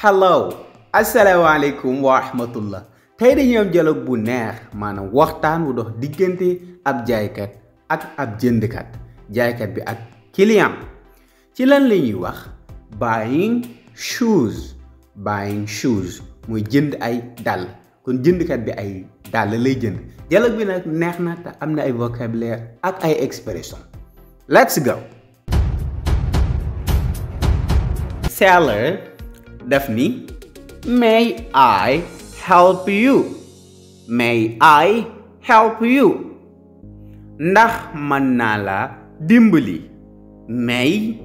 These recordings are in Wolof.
hello assalamualaikum warahmatullah. rahmatullah tey dañuy am dialogue bu neex maanaam waxtaan wu dox diggante ab jaaykat ak ab jëndkat jaaykat bi ak client ci lan la wax buying shoes buying shoes mu jënd ay dàll kon jëndkat bi ay dal lay jënd dialogue bi nak neex na am ay vocabulaire ak ay expression let's go seller Daphne, may I help you? May I help you? Ndax manala dimbuli. May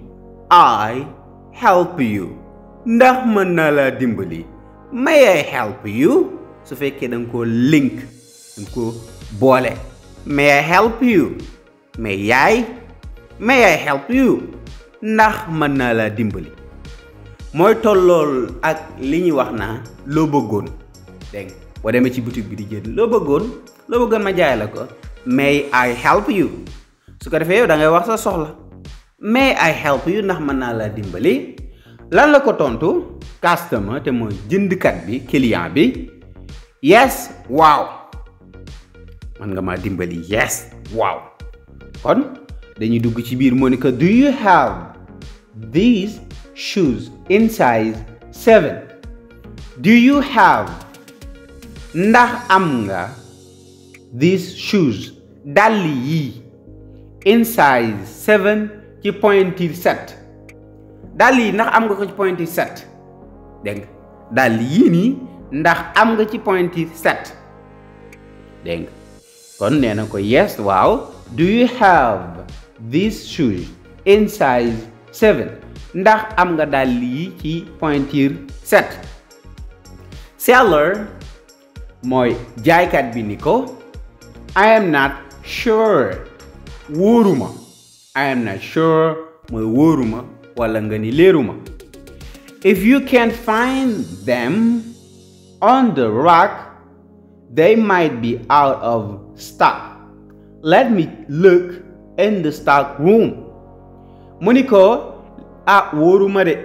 I help you? Ndax manala dimbuli. May I help you? Su fekkee da nga ko link, da nga ko boole. May I help you? May I? May I help you? Ndax manala dimbuli. mooy tollool ak li ñuy wax naa loo bëggoon dégg boo demee ci boutique bi di jënd loo bëggoon loo bëggoon ma jaay la ko may I help you su ko defee yow da wax sa soxla may I help you ndax mën naa laa dimbali lan la ko tontu customer te mooy jëndkat bi client bi yes waaw mën nga maa dimbali yes waaw kon dañuy dugg ci biir mu ne do you have these shoes in size 7 do you have ndax am nga these shoes dàll yi in size 7 ci pointil 7 dàll yi ndax am nga ko ci pointil 7 dégg nga dàll yii nii ndax am nga ci pointil 7 dégg nga kon nee na ko yes waaw do you have these shoes in size 7 ndax am nga dàll yi ci pointure set seller mooy jaaykat bi ni ko I am not sure wóoruma I am not sure mooy wóoruma walla nga ni leeruma if you can not find them on the rack they might be out of stock let me look in the stock room mu ni ko ah wóoruma de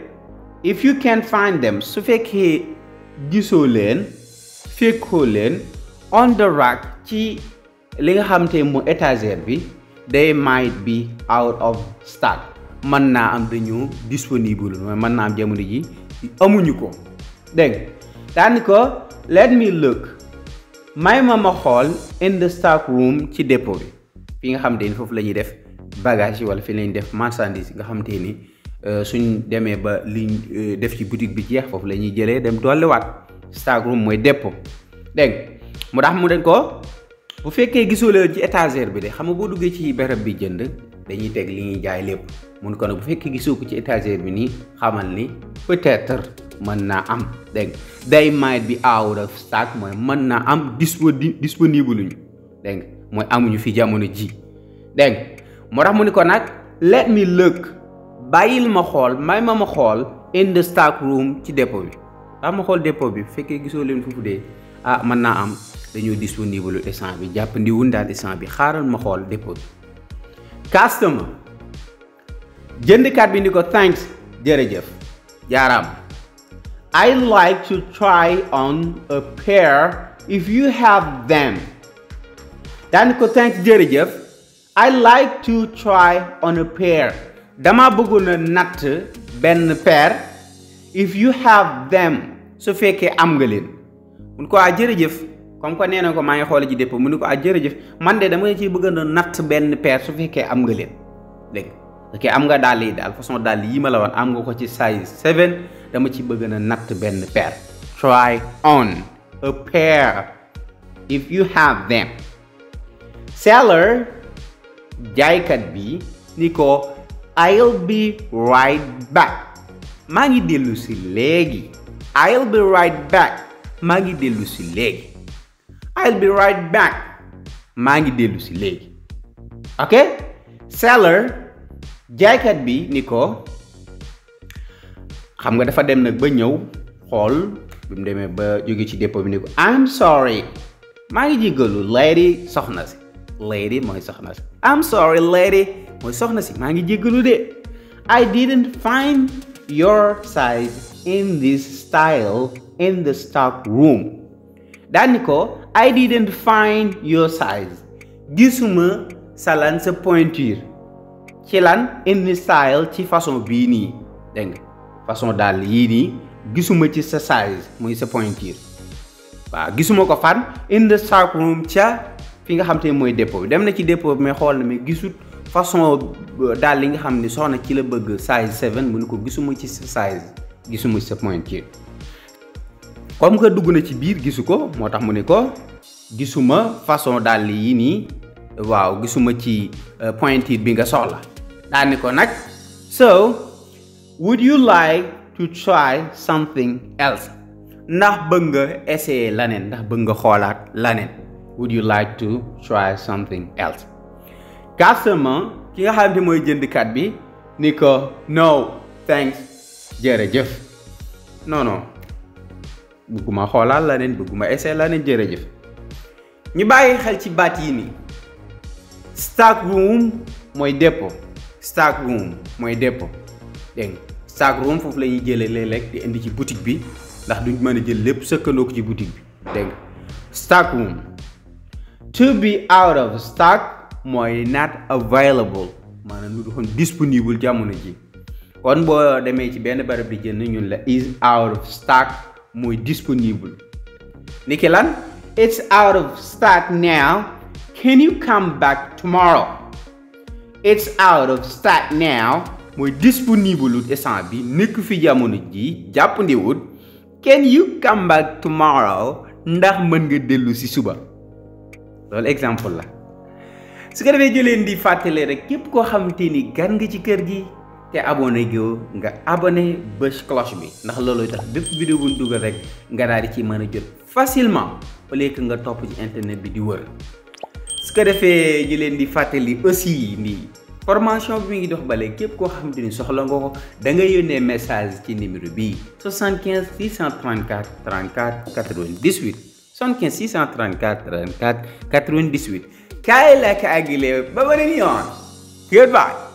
if you can't find them su fekkee gisoo leen fekkoo leen on the rack ci li nga xamte mu étagère bi they might be out of stock mën naa am dañoo disponible mooy mën naa am jamono ji amuñu ko dégg daani ko let me look may ma xool in the stock room ci dépôt bi fi nga xam te ni foofu la ñuy def bagage yi wala fi lañuy def marchandise nga xam te ni Euh, suñ demee ba li euh, def ci boutique bi jeex foofu la ñuy jëlee dem dolliwaat stock room mooy dépôt dégg mu tax mu dañ ko bu fekkee gisoo leen ci étagère bi de xam nga boo duggee ci béréb bi jënd dañuy teg li ñuy jaay lépp mun ko nag bu fekkee gisoo ko ci étagère bi nii xamal ni peut-être mën naa am dégg day might be out of stock mooy mën naa am disponible luñu dégg mooy amuñu fi jamono ji dégg moo tax mu ni ko nag let me look bàyyil ma xool may ma ma xool in the stock room ci dépôt bi waaw ma xool dépôt bi fekkee gisoo leen fu de dee ah, mën naa am dañoo disponible instant bi jàpp ndiwun daal instant bi xaaral ma xool dépôt bi customer jëndkat bi ni ko thanks jërëjëf jaaraam I like to try on a pair if you have them daan ko thanks jërëjëf I like to try on a pair dama bëgguna nat ben père if you have them su fekkee am nga leen mun ko a ah, jërëjëf comme ko néna ko ma ah, ngi xol ji dépp mu ko a jërëjëf man de dama ci bëgg na natt benn paire su fekkee am nga leen dégg ok am nga dal yi dal façon dal yi ma la won am nga ko ci size 7 dama ci bëgg na natt benn père try on a pair if you have them seller jaykat bi niko ko I'll be right back. Magi delusi lagi. I'll be right back. Magi delusi lagi. I'll be right back. Magi delusi lagi. Oke? Okay? Seller jacket bi niko. ko xam nga dafa dem nag ba ñëw xool bi mu ba ci dépôt bi I'm sorry Mangi ngi lady soxna si lady mooy soxna si I'm sorry lady mooy soxna si maa ngi jéggalu de I didn't find your size in this style in the stock ko I didn't find your size gisuma sa lan sa pointure in this style ci façon bii nii dégg nga façon dàll yii nii gisuma ci sa size muy sa pointure waaw gisuma ko fan in the stock room fi nga xam te ne mooy dépôt bi dem na ci dépôt bi mais xool na mais gisut façon euh, daal li nga xam ni soxna ci la bëgg size seven mu ni ko gisuma ci size gisuma ci sa pointure comme que dugg na ci biir gisu ko moo tax mu ni ko gisuma façon dàll yi nii waaw gisuma ci euh, pointure bi nga soxla daal ko nag so would you like to try something else ndax bëgg nga essayer laneen ndax bëgg nga xoolaat laneen would you like to try something else Casamance ki nga xamante mooy jëndkat bi ni ko no thanks jërëjëf non non bëgguma xoolaal la neen bëgguma essayer la ñu bàyyi xel ci baat yi nii stock room mooy dépôt stock room mooy dépôt dégg nga stock room foofu lañuy jële jëlee di indi ci boutique bi ndax duñ mën a jël lépp sëkkandoo ko ci boutique bi dégg nga room to be out of stock mooy not available maanaam lu doon disponible jamono ji kon boo demee ci benn barab di jënd ñun la is out of stock mooy disponible ni ki lan it's out of stock now can you come back tomorrow it's out of stock now mooy disponible wut essence bi nekk fi jamono ji jàppandi wut can you come back tomorrow ndax mën nga dellu si suba loolu exemple la su ko defé ñu leen di fatélé rek képp ko xamante ni gan nga ci kër gi té abonné goo nga abonné bës cloche bi ndax loolu tax bépp vidéo bu ñu dugal rek nga daal ci mëna a jot facilement au lieu nga top ci internet bi di wër su ko defé ñu leen di fatéli aussi ni formation bi ngi dox balé képp ko xamante ni soxla nga ko da nga yónnee message ci numéro bi 75 634 34 98 75 634 34 98 Cadillac Aguilera, Babylonian. Goodbye.